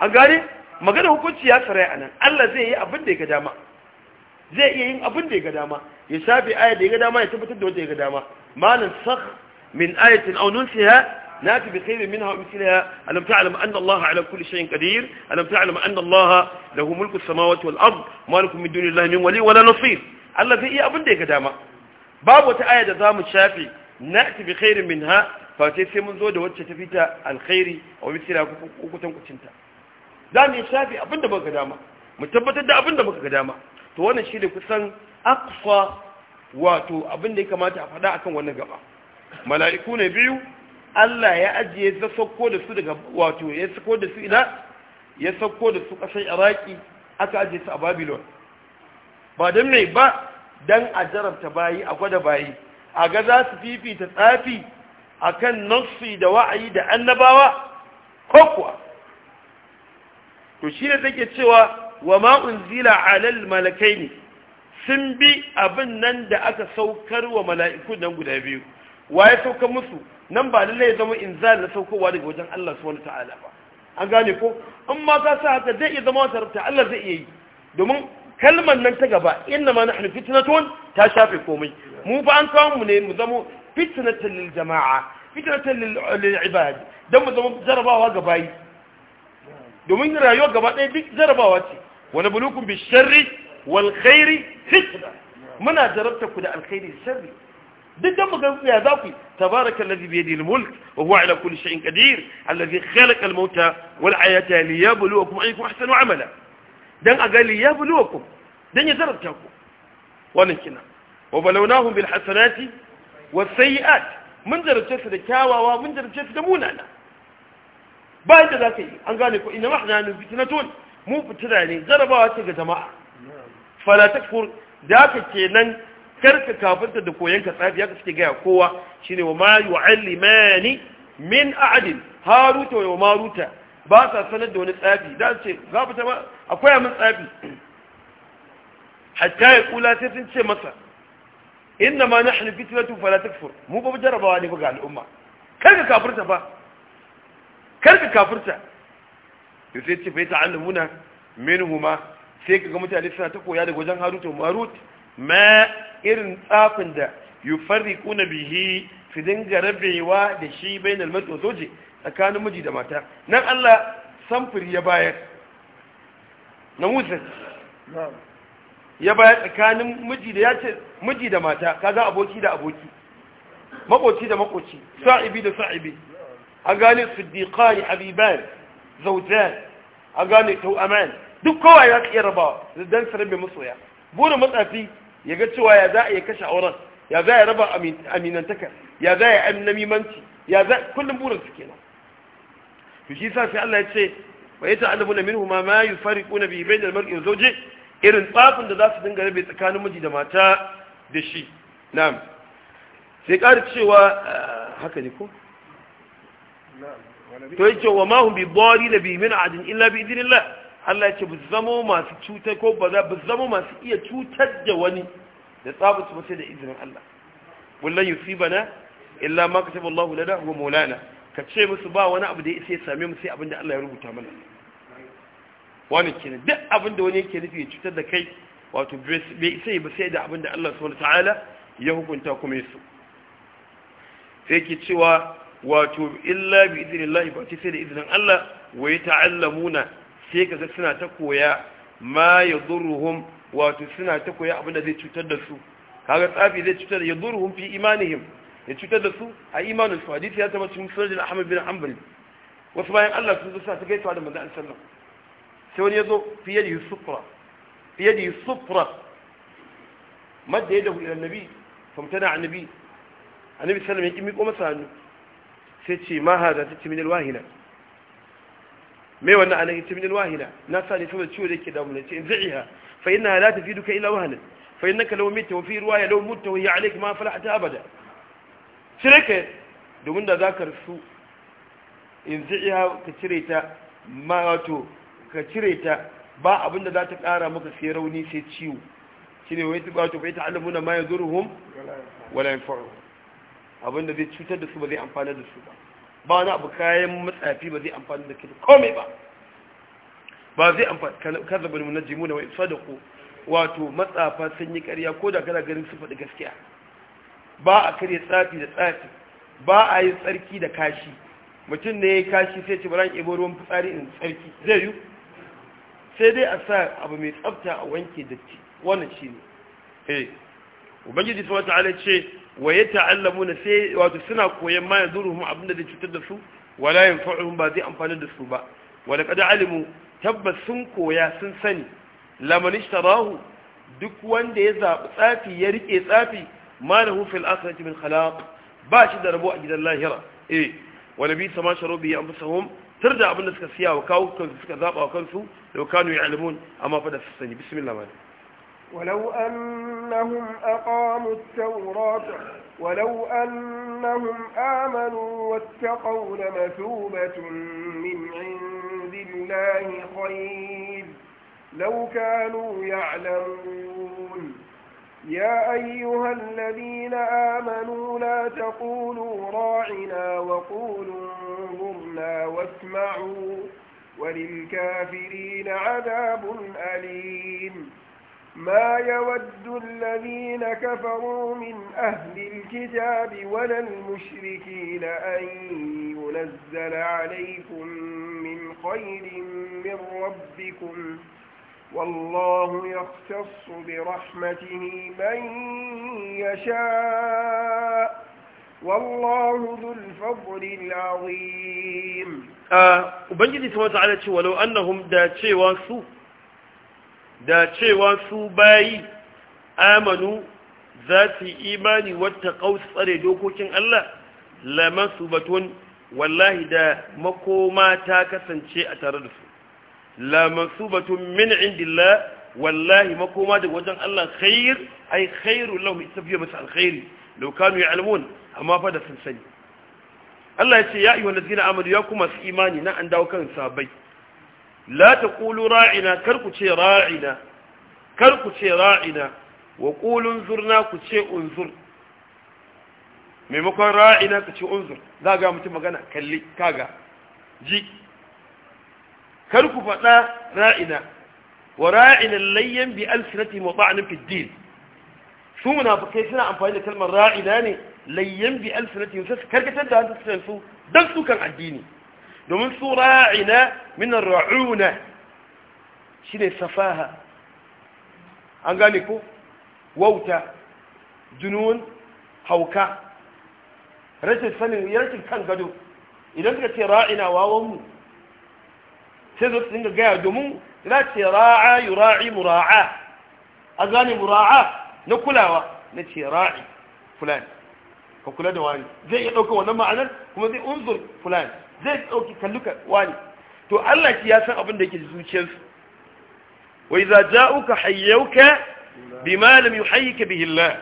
a gane magana hukunci ya sarai a nan Allah zai yi abin da ya ga dama zai iya yin abin da ya ga dama ya shafi aya da ya ga dama ya tabbatar da wanda ya ga dama malin sakh min ayatin aw nunsiha ناتي بخير منها ومثلها ألم تعلم أن الله على كل شيء قدير ألم تعلم أن الله له ملك السماوات والأرض ما لكم من دون الله من ولي ولا نصير الله زي إيه أبن ديك داما باب وتآية دام الشافي نأتي بخير منها فاتي سيمن زود وتشتفيت الخير ومثلها وكتن كتنتا دام الشافي أبن دمك داما متبتد أبن دمك داما to wannan shi ne kusan akfa wato abin da ya kamata a faɗa akan wannan gaba mala'iku ne biyu Allah ya ajiye ya sauko da su daga wato ya sauko da su ina ya sauko da su kasar Iraki aka ajiye su a Babilon ba don mai ba don a jarabta bayi a gwada bayi a ga za su fifita tsafi a kan nufi da wa'ayi da annabawa ko kuwa to shi ne take cewa wa ma zila alal malakai ne sun bi abin nan da aka saukar wa mala'ikun nan guda biyu wa ya sauka musu nan ba lallai ya zama inzal na saukowa daga wajen Allah subhanahu ta'ala ba an gane ko in ma ka sa haka zai iya zama wata rabta Allah zai iya yi domin kalmar nan ta gaba inna ma nahnu fitnatun ta shafe komai mu ba an kawo mu ne mu zama fitnatan lil jama'a fitnatan lil ibad dan mu zama jarabawa ga bayi domin rayuwa gaba ɗaya duk jarabawa ce wani bulukun bi sharri wal khairi fitna muna jarabta ku da alkhairi sharri duk da mugan ya za ku tabaraka alladhi bi yadihi almulk wa huwa ala kulli shay'in qadir alladhi khalaqa almauta wal hayata liyabluwakum ayyukum ahsanu amala dan aga liyabluwakum dan ya zarabta ku wannan kina wa balawnahum bil hasanati was sayiat mun zarabce su da kyawawa mun zarabce su da munana Bayan da za ka yi an gane ko ina mahna nu fitnatun mu fitina ne jarabawa ce ga jama'a fala takfur da ka kenan karka kafinta da koyon ka tsafi ya suke gaya kowa shine wa ma yu'allimani min a'din haruta wa maruta ba sa sanar da wani tsafi da ce za fita ba akwai amin tsafi hatta ya kula sai sun ce masa inna ma nahnu fitnatu fala takfur mu ba jarabawa ne ga al'umma karka kafirta ba karka kafirta to sai ce fa ta'allamuna minhuma sai kaga mutane suna ta koya daga wajen haruta wa maruta ma irin tsafin da yufarriquna bihi su dinga da shi bainal mar'i wa zawji tsakanin miji da mata nan Allah samfuri ya bayar na musa ya bayar tsakanin miji da ya ce miji da mata kaza aboki da aboki makoci da makoci sa'ibi da sa'ibi a gane siddiqani habiban zautar a gane tau'aman duk kowa ya iya rabawa dan su rabe masoya burin matsafi ya ga cewa ya za a yi kashe auren ya za ya raba aminantaka ya za a ya namimanci ya za kullum burin su kenan to shi sa sai Allah ya ce wa ya ta'allamu na minhu ma ma biyu bi da mar'i wa zawji irin tsafin da za su dinga rabe tsakanin miji da mata da shi na'am sai ƙari cewa ah, haka ne ko to yake wa ma hum bi na bi min adin illa bi idnillah Allah ya ce bu zamo masu cutar ko ba za bu zamo masu iya cutar da wani da tsabutu mace da izinin Allah wallan yusibana illa ma kataba Allah lana wa maulana ka ce musu ba wani abu da ya sai same mu sai abin da Allah ya rubuta mana wani kenan duk abin da wani yake nufi ya cutar da kai wato bai sai ba sai da abin da Allah subhanahu ta'ala ya hukunta kuma yasu sai ke cewa wato illa bi Allah ba sai da izinin Allah wa ta'allamuna. sai kaga suna ta koya ma zurruhun wato suna ta koya abinda zai cutar da su kaga tsafi zai cutar da ya zurruhun fi imanihim ya cutar da su a imanin su hadisi ya tabbata cikin sunan Ahmad bin Hanbal wasu bayan Allah sun zo suna ta gaitawa da manzon Allah sallam sai wani yazo fi yadi sufra fi yadi sufra madda yadahu ila nabi? famtana annabi annabi sallam ya kimi ko masa hannu sai ce ma hada ta ce min wahina mai wannan anan yace min alwahida na sa ne saboda ciwo da yake damu ne ce in za'iha fa inna la tafiduka illa wahnan fa innaka law mita wa fi riwaya law mutta wa hiya alayka ma falahta abada shirka domin da zakar su in za'iha ka cire ta ma wato ka cire ta ba abinda za ta kara maka sai rauni sai ciwo shine wai wato fa ta'lamuna ma yaduruhum wala yanfa'uhum abinda zai cutar da su ba zai amfana da su ba ba wani abu kayan matsafi ba zai amfani da kitu komai ba ba zai amfani kaza zaba na jimu na wai sadaku wato matsafa sun yi karya ko da kana ganin su faɗi gaskiya ba a karya tsafi da tsafi ba a yi tsarki da kashi mutum ne ya yi kashi sai ce bari an ebo ruwan fitsari in tsarki zai yi sai dai a sa abu mai tsafta a wanke datti wannan shi ne eh. ubangiji subhanahu wata ta'ala ce wa na sai wato suna koyan ma yaduruhum abinda zai cutar da su wala yanfa'uhum ba zai amfani da su ba wa laqad alimu tabbas sun koya sun sani lamani ishtarahu duk wanda ya zabi tsafi ya rike tsafi ma lahu fil akhirati min khalaq ba shi da rabo a gidan lahira e eh, wala bi sama sharu bi da abin abinda suka siya wa kawo kansu suka zaba wa kansu da kanu ya'lamun amma fa da su sani bismillah ولو أنهم أقاموا التوراة ولو أنهم آمنوا واتقوا لمثوبة من عند الله خير لو كانوا يعلمون يا أيها الذين آمنوا لا تقولوا راعنا وقولوا انظرنا واسمعوا وللكافرين عذاب أليم ما يود الذين كفروا من أهل الكتاب ولا المشركين أن ينزل عليكم من خير من ربكم والله يختص برحمته من يشاء والله ذو الفضل العظيم آه وبنجد سبحانه وتعالى ولو أنهم دا تشيوا da cewa su bayi amanu za su imani wata tsare dokokin Allah laman su batun wallahi da makoma ta kasance a tare da su laman su batun min indillah wallahi makoma da wajen Allah khair ai khairu lahum istafiya masu alkhairi law kanu ya'lamun amma fa da sun sani Allah ya ce ya ayyuhal ladzina amanu ya kuma su imani na an dawo kan sabai la ta taqulu ra'ina kar ku ce ra'ina kar ku ce ra'ina wa qulu unzurna ku ce unzur maimakon ra'ina ku ce unzur za ga mutum magana kalli kaga ji kar ku faɗa ra'ina wa ra'ina layyan bi alsinati wa ta'anin fi din su munafikai suna amfani da kalmar ra'ina ne layyan bi alsinati su karkatar da hannu su don sukan addini domin su ra'ina minar ra'una shi ne safaha an gane ko wauta junun hauka rashin sanin yarkin kan gado idan suka ce ra'ina wawonmu sai zo su dinga gaya domin za ce ra'a yi ra'i mura'a a gane mura'a na kulawa na ce ra'i fulani ka kula da wani zai iya ɗauka wannan ma'anar kuma zai unzur fulani zai dauki kalluka wani to Allah shi ya san abin da yake zuciyarsu wa idza ja'uka hayyuka bima lam yuhayyika bihi Allah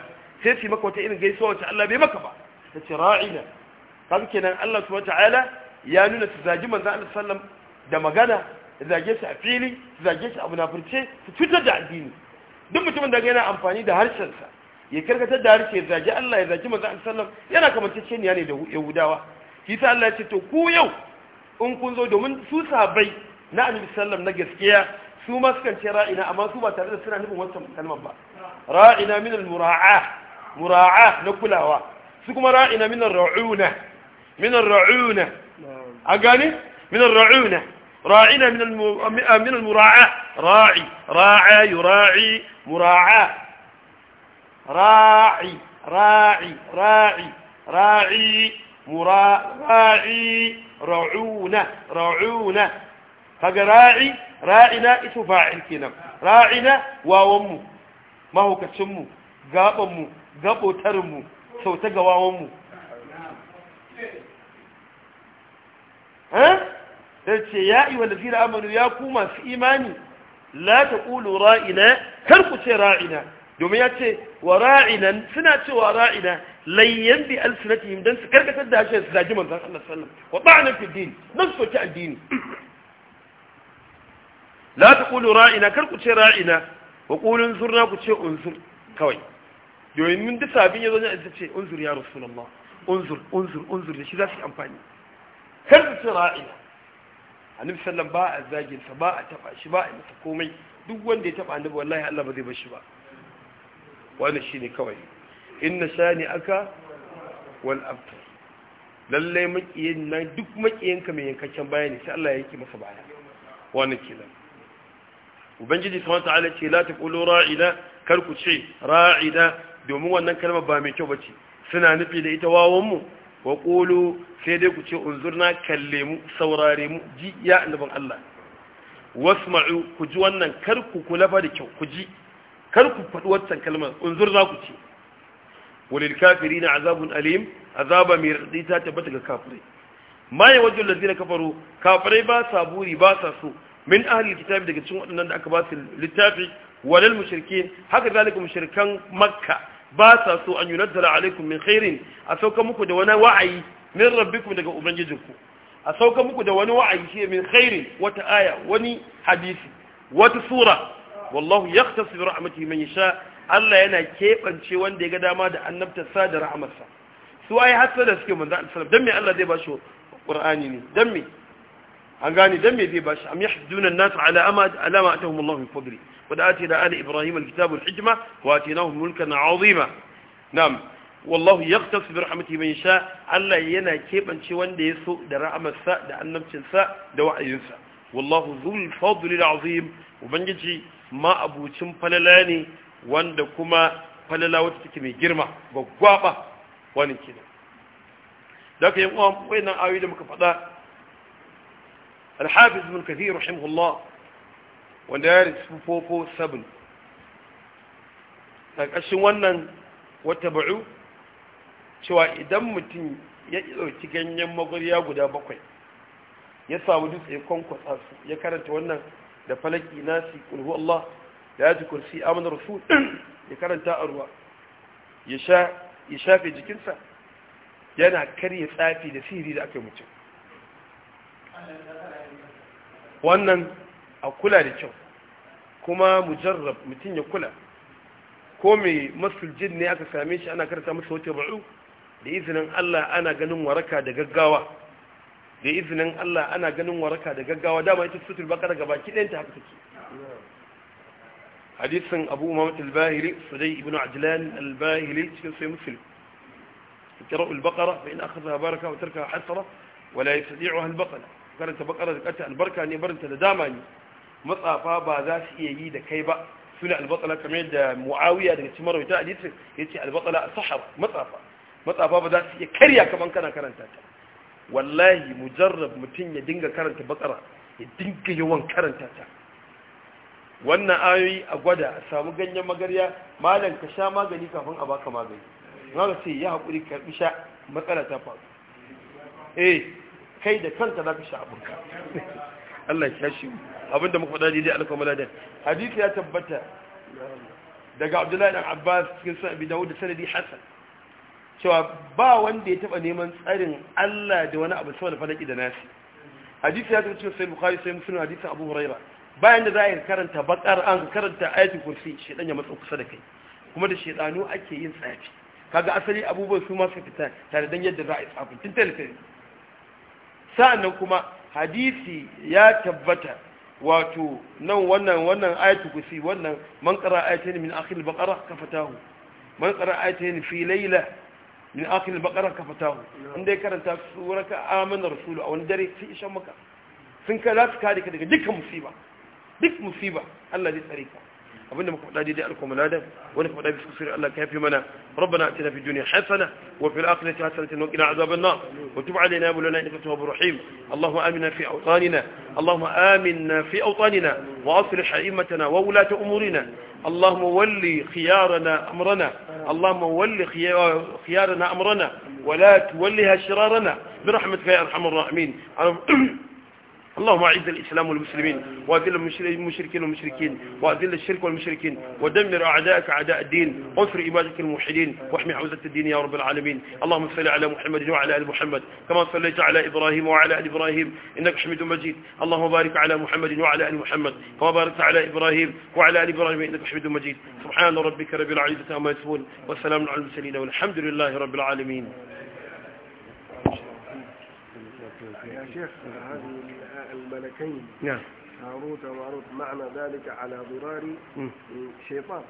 sai su maka wata irin gaisuwa wacce Allah bai maka ba ta ce ra'ina kaga kenan Allah subhanahu ta'ala ya nuna su zagi manzo Allah sallam da magana su zage shi a fili su zage shi a munafurce su cutar da addini duk mutumin da yana amfani da harshensa ya karkatar da harshe ya zagi Allah ya zagi manzo Allah sallam yana kamar cece ne da Yahudawa kisa Allah ya ce to ku yau in kun zo domin su sabai na annabi sallam na gaskiya su ma sukan ce ra'ina amma su ba tare da suna nufin wannan kalmar ba ra'ina min al-mura'a mura'a na kulawa su kuma ra'ina min ar-ra'una min ar-ra'una a gane min ar-ra'una ra'ina min ah, min al-mura'a ra'i ra'a yura'i mura'a ra'i ra'i ra'i ra'i mura'i ra'una ra'una kaga ra'i ra'ina isu fa'il kenan ra'ina wawan mu mahukacin mu gaban mu gabotarin ya ayyuhal ladina amanu ya ku masu imani la taqulu ra'ina kar ku ce ra'ina domin ya ce wa ra'inan suna cewa ra'ina layyan bi alsinatihim dan su karkatar da harshen su zaji manzon Allah sallallahu alaihi wasallam wa ta'ana fi din dan soki addini [CLEARS THROAT] la taqulu ra'ina kar ku ce ra'ina wa qulu unzurna ku ce unzur kawai yoyin mun duk sabin yazo ne ta ce unzur ya rasulullah unzur unzur unzur da shi za su amfani kar ku ce ra'ina annabi sallallahu alaihi wasallam ba a zagin sa ba a taba shi ba a masa komai duk wanda ya taba annabi wallahi Allah ba zai bar shi ba wannan shine kawai inna sani aka wal abtar lallai makiyin na duk makiyinka mai yankakken bayani sai Allah ya yake masa baya wannan kenan ubangiji subhanahu ta'ala ce la taqulu ra'ida kar ku ce ra'ida domin wannan kalma ba mai kyau bace suna nufi da ita wawan mu wa qulu sai dai ku ce unzurna kalle mu saurare mu ji ya annaban Allah wasma'u ku ji wannan kar ku kula fa da kyau ku ji kar ku faɗi wancan kalmar unzurna ku ce walil kafirina azabun alim azaba mai radadi ta tabbata ga kafirai maye ya wajen lazina kafaro kafirai ba sa buri ba sa so min ahalin kitabi daga cikin waɗannan da aka ba su littafi walal mushrike haka zalika mushrikan makka ba sa so an yunazzala alaikum min khairin a sauka muku da wani wa'ayi min rabbikum daga ubangijinku a sauka muku da wani wa'ayi shi min khairin wata aya wani hadisi wata sura wallahu yaqtasu bi rahmatihi man yasha Allah yana keɓance wanda ya ga dama da annabtarsa da ra'amarsa su ai hasar da suke manzo Allah dan me Allah zai ba shi Qur'ani ne dan me an gane dan me zai ba shi am yahduna an-nas alama ama ala ma atahum Allah min fadli wa atina ala ibrahim al-kitaba wal-hikma wa atinahum mulkan 'azima na'am wallahu yaqtas bi rahmatihi man sha Allah yana keɓance wanda ya so da ra'amarsa da annabcinsa da wa'ayinsa wallahu dhul fadli al-'azim ubangiji ma abucin falala ne wanda kuma falala wata take mai girma gwaggwaba wani kenan da ka yi uwa nan ayoyi da muka faɗa al-hafiz kafi kathir rahimahullah wanda ya rufe fofo sabin a ƙashin wannan wata ba'u cewa idan mutum ya ɗauki ganyen magwariya guda bakwai ya samu dutse kwankwasa su ya karanta wannan da falaki nasi ƙulhu Allah da ya ji kursi amina rufu [CLEARS THROAT] ya karanta a ruwa ya shafe jikinsa yana karya tsafi da siri da aka yi mutum wannan a kula da kyau kuma mujarrab mutum ya kula ko mai jin ne aka same shi ana karanta masa wata ba'u da izinin Allah ana ganin waraka da gaggawa da izinin Allah ana ganin waraka da gaggawa dama ita sutur baka daga baki ɗayanta haka take hadisin abu umar al-bahiri sudai ibn ajlan al-bahiri cikin sai muslim kira al-baqara fa in akhadha baraka wa tarka hasra wa la yastati'uha al-baqara karanta baqara da kata albarka ne barinta da dama ne matsafa ba za su iya yi da kai ba suna al-baqara kamar yadda muawiya daga cikin marwayata hadisin yace al a sahaba matsafa matsafa ba za su iya karya kaman kana karanta ta wallahi mujarrab mutum ya dinga karanta bakara ya dinga yawan karanta ta wannan ayoyi a gwada a samu ganyen magarya malam ka sha magani kafin a baka magani na sai ya haƙuri karɓi sha matsala ta faru eh kai da kanka za ka sha ka [LAUGHS] Allah ya shi da muka faɗa dai alkamala da hadisi ya tabbata daga abdullahi dan abbas cikin sun abi dawud da sanadi hasan cewa ba wanda ya taba neman tsarin Allah da wani abu sama da falaki da nasi hadisi ya tabbata cikin sai bukhari sai muslim hadisi abu hurairah bayan da za a karanta bakar an karanta ayatul kursi shedan ya matsa kusa da kai kuma da shedanu ake yin tsafi kaga asali abubuwan su ma su fita tare dan yadda za a yi tsafi tun talifin sa'annan kuma hadisi ya tabbata wato nan wannan wannan ayatul kursi wannan man qara ayatayn min akhir al-baqara fatahu man qara ayatayn fi layla min akhir al-baqara fatahu inda karanta suraka amana rasulu a wani dare sai ishan maka sun ka za su kare ka daga dukkan musiba duk musiba Allah zai tsare ka abinda muka faɗa daidai alko mulada wani faɗa bi kusur Allah ka yafi mana rabbana atina fi dunya hasana wa fil akhirati hasanatan wa qina azaban nar wa tub alayna ya mawlana innaka tawwabur rahim allahumma amina fi awtanina allahumma amina fi awtanina wa aslih a'immatana wa wulat umurina اللهم ولي خيارنا أمرنا اللهم ولي خيارنا أمرنا ولا تولها شرارنا برحمتك يا أرحم الراحمين اللهم اعز الإسلام والمسلمين واذل المشركين والمشركين واذل الشرك والمشركين ودمر أعداءك أعداء الدين وانصر عبادك الموحدين واحمي حوزة الدين يا رب العالمين اللهم صل على محمد وعلى آل محمد كما صليت على إبراهيم وعلى آل إبراهيم إنك حميد مجيد اللهم بارك على محمد وعلى آل محمد كما باركت على إبراهيم وعلى آل إبراهيم إنك حميد مجيد سبحان ربك رب العزة عما يصفون والسلام على المرسلين والحمد لله رب العالمين يا شيخ هذه الملكين نعم هاروت وماروت معنى ذلك على ضرار شيطان